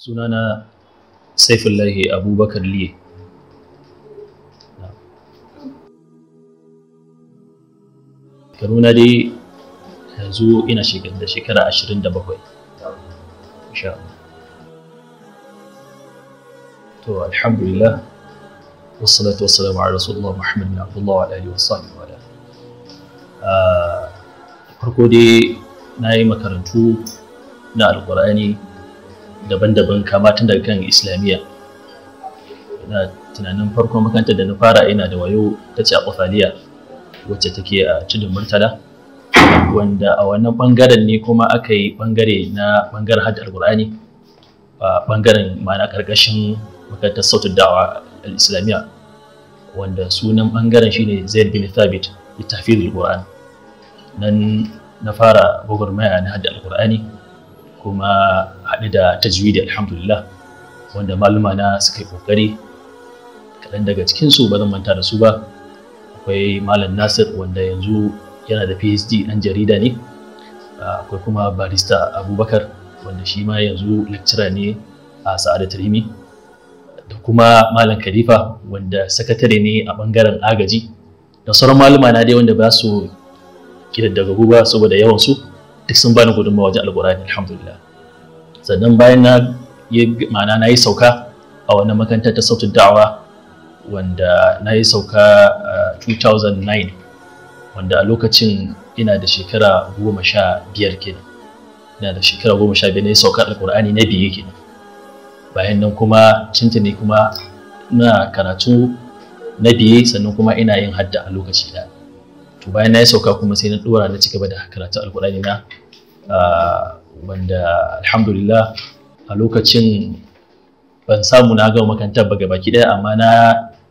sunana saifullahi abubakar liye karuna dai yanzu ina da shekara 27 insha to alhamdulillah wassalatu wassalamu ala rasulullah muhammad bin abdullah wa alihi wa wa ah, farko dai na yi makarantu na alqur'ani daban-daban kama daga kan islamiyya na tunanin farko makarantar da na fara ina da wayo ta ce a kwafaliya wacce take a tudun murtala wanda a wannan bangaren ne kuma aka yi bangare na bangaren hajji alburani a bangaren ma'ana karkashin makarantar sautin da'awa alislamiyya wanda sunan bangaren shine zaid bin thabit littafin alburani nan na fara gwagwarmaya na hajji alkur'ani kuma haɗu da tajwidi alhamdulillah wanda maluma na suka yi ƙoƙari kaɗan daga cikinsu ba zan manta da su ba akwai malam nasir wanda yanzu yana da phd ɗan jarida ne akwai kuma barista abubakar wanda shi ma yanzu lecturer ne a sa'ada tarimi da kuma malam khalifa wanda sakatare ne a ɓangaren agaji da sauran maluma na dai wanda ba su daga ba saboda yawan yawansu duk sun bani gudunmawa wajen alƙur'ani alhamdulillah sannan bayan na yi ma'ana na yi sauka a wani makarantar ta sautin da'awa wanda na yi sauka a ah, 2009 wanda a lokacin ina da shekara goma sha biyar kenan ina da shekara goma sha biyar na yi sauka alƙur'ani na biyu kenan bayan nan kuma cintini kuma na karatu na biye sannan kuma ina yin hadda a lokaci da to bayan na yi sauka kuma sai na dora na cigaba da karatu alkur'ani na wanda alhamdulillah a lokacin ban samu na gama makarantar ba gabaki daya amma na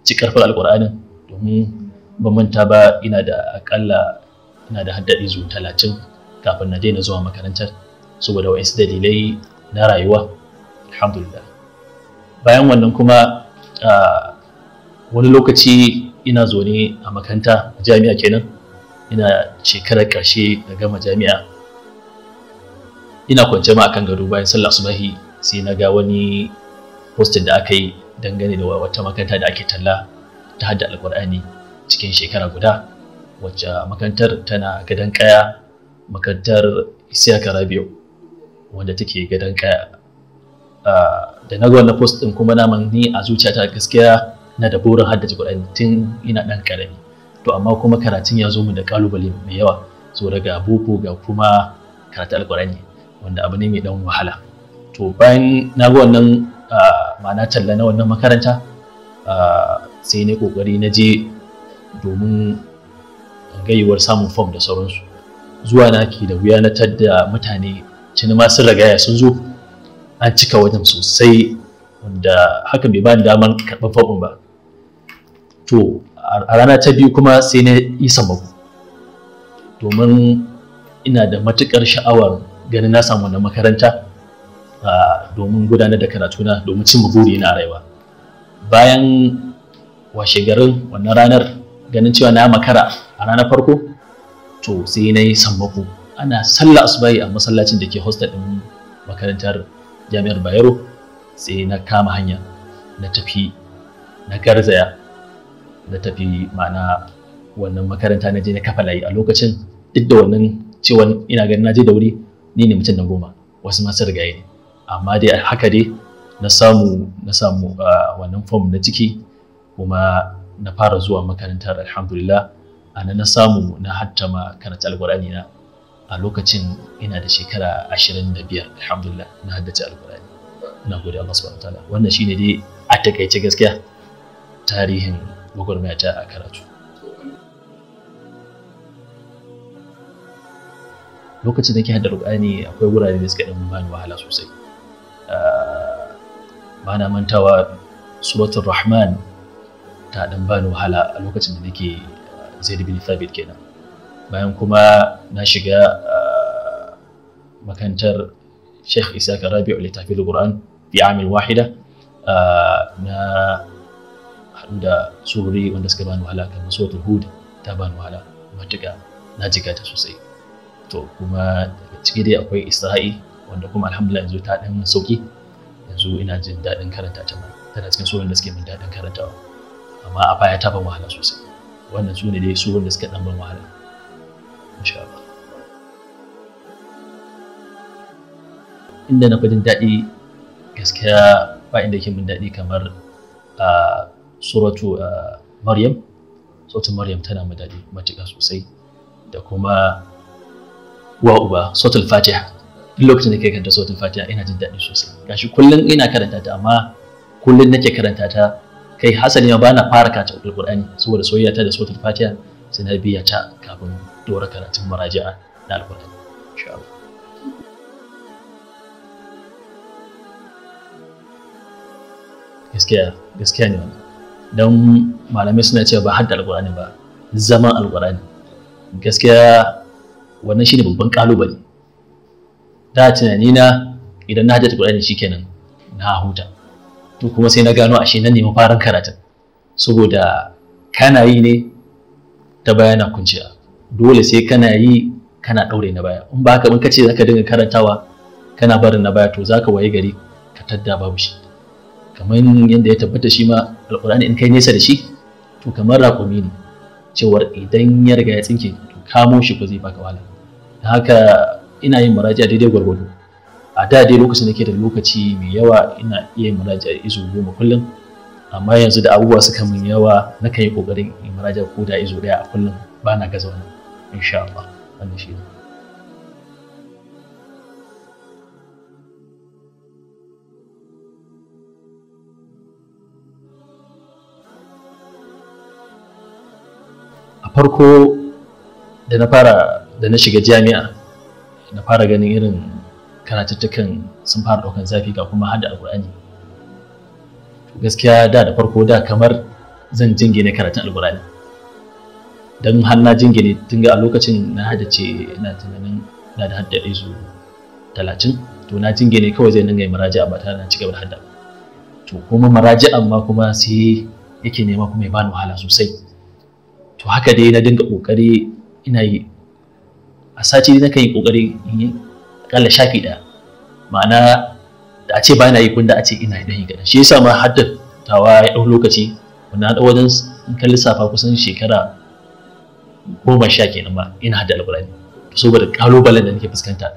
ci karfin alkur'anin domin ban manta ba ina da akalla ina da haddadi zuwa talatin kafin na daina zuwa makarantar saboda wa'insu dalilai na rayuwa alhamdulillah bayan wannan kuma wani lokaci ina zaune a makanta jami'a kenan ina shekarar karshe da gama jami'a ina kwance ma akan gado bayan sallah subahi sai na ga wani postin da aka yi dangane da wata makanta da ake talla ta hadda alkur'ani cikin shekara guda wacce makantar tana gadon kaya makantar isiyaka rabiu wanda take gadon kaya ah, da na ga wannan post din kuma naman ni a zuciyata gaskiya na da burin haddace Qur'ani tun ina dan karami to amma kuma karatun ya zo mu da kalubale mai yawa so daga boko ga kuma karatu alqur'ani wanda abu ne mai ɗan wahala to bayan na ga wannan ma'ana talla na wannan makaranta sai ne kokari na je domin angayowar samun fom da sauransu zuwa na ke da wuya na tadda mutane ma sun ragaya sun zo an cika wajen sosai wanda hakan bai bani damar karɓar fom ba to a rana ta biyu kuma sai na yi sammako. domin ina da matukar sha'awar ganin na samu na makaranta domin gudanar da karatuna domin cimma buri na rayuwa bayan washe garin wannan ranar ganin cewa na makara a ranar farko to sai na yi sammako ana sallah asubahi a masallacin da ke hostel ɗin makarantar jami'ar bayero sai na kama hanya na tafi na garzaya na tafi mana wannan makaranta na je na kafa layi a lokacin duk da wannan cewa ina ganin na je da wuri ni ne mutum na goma wasu masu rigaye ne amma dai haka dai na samu na samu wannan fom na ciki kuma na fara zuwa makarantar alhamdulillah Ana na samu na hattama karanta alkur'ani na a lokacin ina da shekara ashirin da biyar alhamdulillah na haddace alkur'ani na gode Allah subhanahu wa ta'ala wannan shine dai a takaice gaskiya tarihin gwagwarmaya ta a karatu lokacin da ke hada rukani akwai wurare da suka ɗan bani wahala sosai ah, ba na mantawa suratul rahman ta ɗan bani wahala a lokacin da nake ah, zai bin thabit kenan bayan kuma na shiga ah, makantar sheikh isa rabi'u littafin qur'an fi amil wahida na haɗu da surori wanda suka bani wahala kamar wata hud ta bani wahala matuƙa na jiga ta sosai to kuma daga ciki dai akwai isra'i wanda kuma alhamdulillah yanzu ta ɗan sauki yanzu ina jin daɗin karanta ta ma tana cikin tsoron da suke min daɗin karantawa amma a baya ta ban wahala sosai wannan su ne dai tsoron da suka ɗan ban wahala insha Allah inda na fi jin daɗi gaskiya ba inda yake min daɗi kamar a ah, Uh, suratu Maryam Maryam tana madadi matuƙa sosai da kuma wa uba sautul Fatiha duk lokacin da ke karanta sautin Fatiha ina jin daɗi sosai gashi kullum ina karanta ta amma kullun nake karanta ta kai hasali ma bana fara karanta alqur'ani saboda soyayya ta da sautin fatiha sai na biya ta kafin dora karatun maraji'a na alqur'ani insha Allah gaskiya gaskiya ne wannan don malamai suna cewa ba hadda alƙurani ba zama alƙurani. gaskiya wannan shine babban kalubale da tunani na idan na hajjata alkurani shikenan na huta to kuma sai na gano ashe nan ne faran karatun saboda kana yi ne ta baya na kunciya dole sai kana yi kana ɗaure na baya in ba ka in kace zaka dinga karantawa kana barin na baya to zaka waye gari ka tadda babu shi kamar yadda ya tabbata shi ma alkur'ani in kai nesa da shi to kamar raƙumi ne cewar idan ya riga ya tsinke to kamo shi ko zai baka wahala haka ina yin muraja daidai gwargwado a da dai lokacin nake da lokaci mai yawa ina iya yin muraja izo goma kullum amma yanzu da abubuwa suka min yawa na kai yi kokarin yin muraja ko da izo daya a kullum ba na gaza wani insha Allah wannan shi ne farko da na fara da na shiga jami'a na fara ganin irin karatuttukan sun fara ɗaukan zafi ga kuma hada alƙur'ani gaskiya da da farko da kamar zan jingine karatun alƙur'ani don har na jingine tun ga a lokacin na hada ce na tunanin na da hadda izu talatin to na jingine kawai zai nanga yi maraji'a ba tare da gaba da hadda to kuma maraji'an ma kuma sai yake nema kuma ya bani wahala sosai to haka dai na dinga kokari ina yi a sati na kan yi kokari in yi kalla shafi ɗaya ma'ana da a ce ba na yi da a ce ina yi dan yi. shi yasa ma haddatawa ya dau lokaci wannan na wajen in ka lissafa kusan shekara goma sha kenan ma ina hadda alƙur'ani saboda kalubalen da nake fuskanta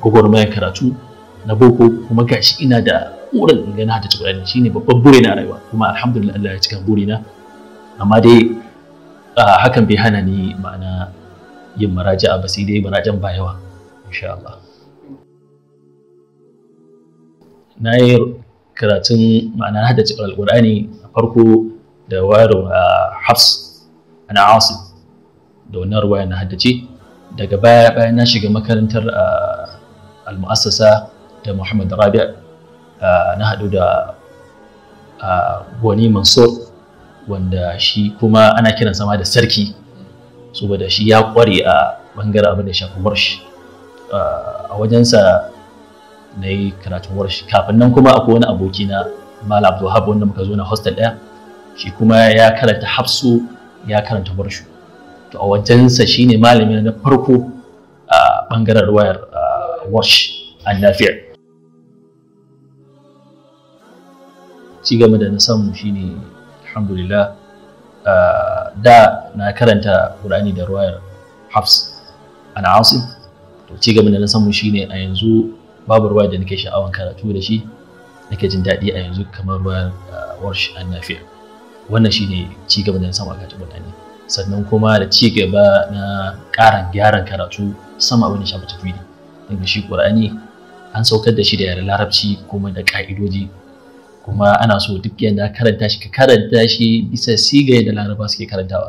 gwagwarmayar karatu na boko kuma gashi ina da burin ganin hadda alƙur'ani shine babban buri na rayuwa kuma alhamdulillah Allah ya cika burina amma dai hakan bai hana ni ma'ana yin maraja'a a sai dai marajan ba yawa insha Allah na yi karatun ma'ana hada cikin alƙur'ani a farko da wayarwa hafs ana asim da wannan ruwa na haddace daga baya bayan na shiga makarantar al-mu'assasa da Muhammad Rabi' na haɗu da Gwani Mansur wanda shi kuma ana kiran sama da sarki saboda shi ya kware a bangare abin da shafi warshi a wajensa na yi karatun warshi kafin nan kuma akwai wani aboki na malam abdulhab wanda muka zo na hostel ɗaya shi kuma ya karanta hafsu ya karanta warshi to a wajensa shine malami na farko a bangaren wayar warshi an nafi'a ci gaba da na samu shine alhamdulillah uh, da na karanta Qur'ani da ruwayar Hafs an Asim to ci gaban da na samu shine a yanzu babu ruwa da nake sha'awan karatu da shi nake jin daɗi a yanzu kamar ruwayar uh, Warsh an Nafi'a wannan shine ci gaban da na samu a karatu Qur'ani sannan kuma da ci gaba na ƙara gyaran karatu sama abin da shafi tafwidi daga shi Qur'ani an saukar da shi da yaren larabci kuma da ka'idoji kuma ana so duk yadda karanta shi ka karanta shi bisa siga da laraba suke karantawa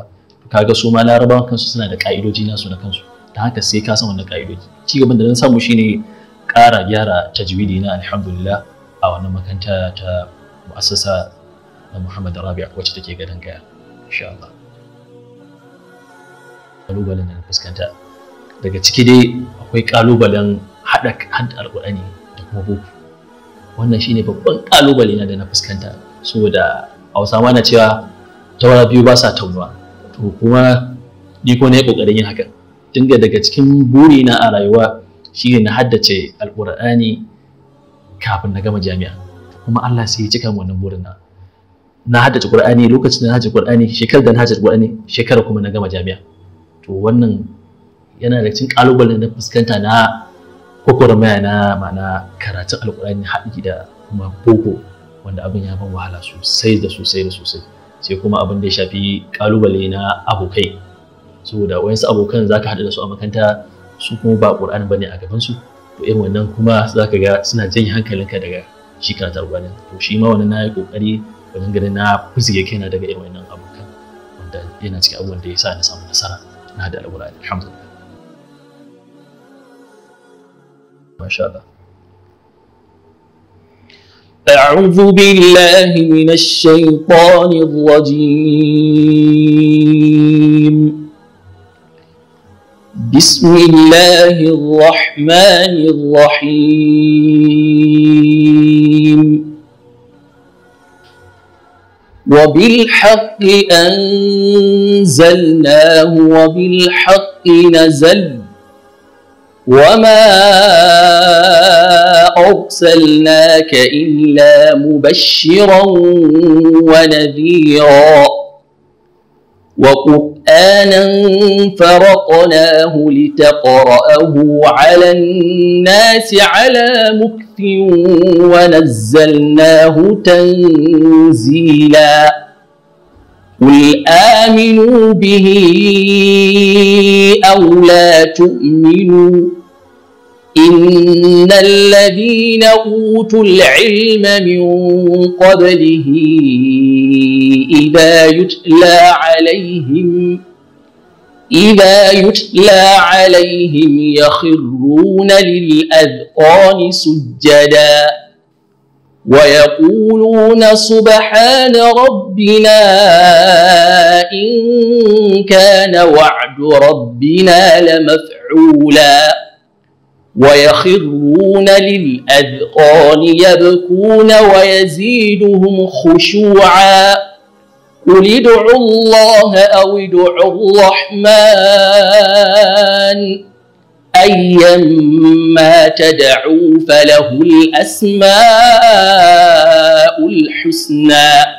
kaga su ma larabawan kansu suna da ka'idoji nasu na kansu ta haka sai ka san wannan ka'idoji ci gaban da na samu shine ƙara gyara tajwidi na alhamdulillah a wannan makanta ta mu'assasa na Muhammad Rabi'a wacce take gadan gaya insha Allah kalubalen da fuskanta daga ciki dai akwai kalubalen haɗa alƙur'ani da kuma boko wannan shine babban kalubale na da na fuskanta saboda hausawa na cewa taura biyu ba sa taunuwa to kuma ni ko ne kokarin yin hakan tunda daga cikin buri na a rayuwa shine na haddace alqur'ani kafin na gama jami'a kuma Allah sai ya cika wannan burin na na haddace qur'ani lokacin da na haddace qur'ani shekarar da na haddace qur'ani shekara kuma na gama jami'a to wannan yana da cikin kalubale na fuskanta na mai na ma'ana karatun alkur'ani haɗi da kuma boko wanda abin ya ban wahala sosai da sosai da sosai sai kuma abin da ya shafi kalubale na abokai saboda wayansu abokan za ka haɗu da su a makanta su kuma ba ƙur'ani ba ne a gabansu to irin wannan kuma za ka ga suna janye hankalinka daga shi karatar alkurani to shi ma wannan na yi ƙoƙari wajen ganin na fizige kaina daga irin wannan abokan wanda yana cikin abubuwan da ya sa na samu nasara na haɗu da alƙur'ani alhamdulillah ما شابه أعوذ بالله من الشيطان الرجيم بسم الله الرحمن الرحيم وبالحق أنزلناه وبالحق نزل وما أرسلناك إلا مبشرا ونذيرا وقرآنا فرقناه لتقرأه على الناس على مكث ونزلناه تنزيلاً قل آمنوا به أو لا تؤمنوا إن الذين أوتوا العلم من قبله إذا يتلى عليهم إذا يتلى عليهم يخرون للأذقان سجدا ويقولون سبحان ربنا إن كان وعد ربنا لمفعولا ويخرون للأذقان يبكون ويزيدهم خشوعا قل ادعوا الله أو ادعوا الرحمن أيما تدعوا فله الأسماء الحسنى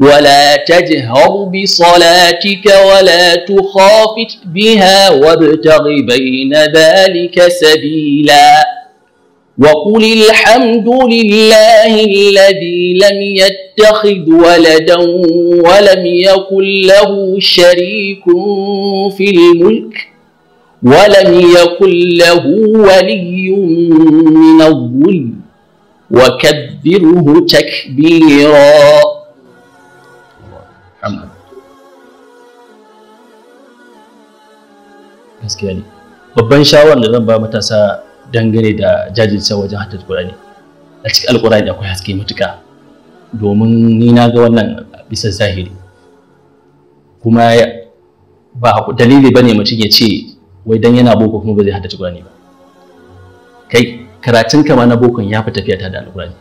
ولا تجهر بصلاتك ولا تخافت بها وابتغ بين ذلك سبيلا وقل الحمد لله الذي لم يتخذ ولدا ولم يكن له شريك في الملك ولم يكن له ولي من الظلم وكبره تكبيرا muhammad gaskiya ne babban shawarar da zan ba matasa dangane da jajirce wajen haddasa Qur'ani a cikin alkurani akwai haske matuka domin ni na ga wannan bisa zahiri kuma ba dalili bane mutum ya ce wai dan yana boko kuma ba zai haddasa Qur'ani ba kai karatun kama na bokon ya fi tafiya ta da alkurani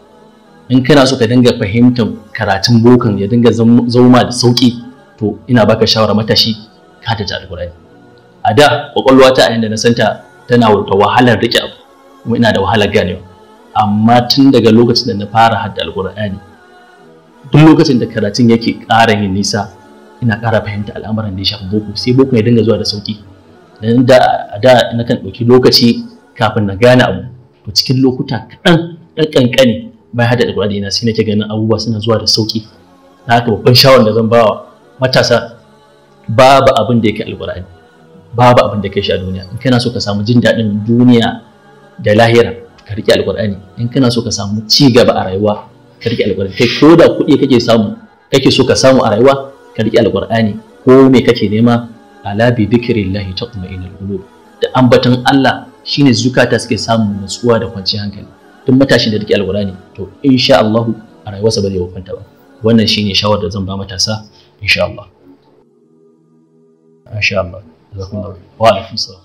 in kana so ka dinga fahimtar karatun bokan ya dinga zauma da sauki to ina baka shawara matashi ka ta ci alkurani a da kwakwalwa ta a yanda na santa tana da wahalar rike abu kuma ina da wahalar ganewa amma tun daga lokacin da na fara hadda alkurani duk lokacin da karatun yake ƙara yin nisa ina ƙara fahimta al'amuran da ya shafi boko sai boko ya dinga zuwa da sauki dan da a da na kan ɗauki lokaci kafin na gane abu to cikin lokuta kaɗan ɗan ƙanƙani bayan hada alƙur'ani na sai nake ganin abubuwa suna zuwa da sauki na haka babban shawar da zan bawa matasa babu abin da yake alƙur'ani babu abin da kai shi a duniya in kana so ka samu jin daɗin duniya da lahira ka riƙe alƙur'ani in kana so ka samu ci gaba a rayuwa ka riƙe alƙur'ani kai ko da kuɗi kake samu kake so ka samu a rayuwa ka riƙe alƙur'ani ko me kake nema ala bi dhikrillahi taqma'innul qulub da ambatan Allah shine zukata suke samu nutsuwa da kwanciyar hankali duk matashin da take ne. to insha Allah a rayuwarsa ba zai wafanta ba wannan shine shawarar da zan ba matasa insha Allah insha Allah wa alaikum salam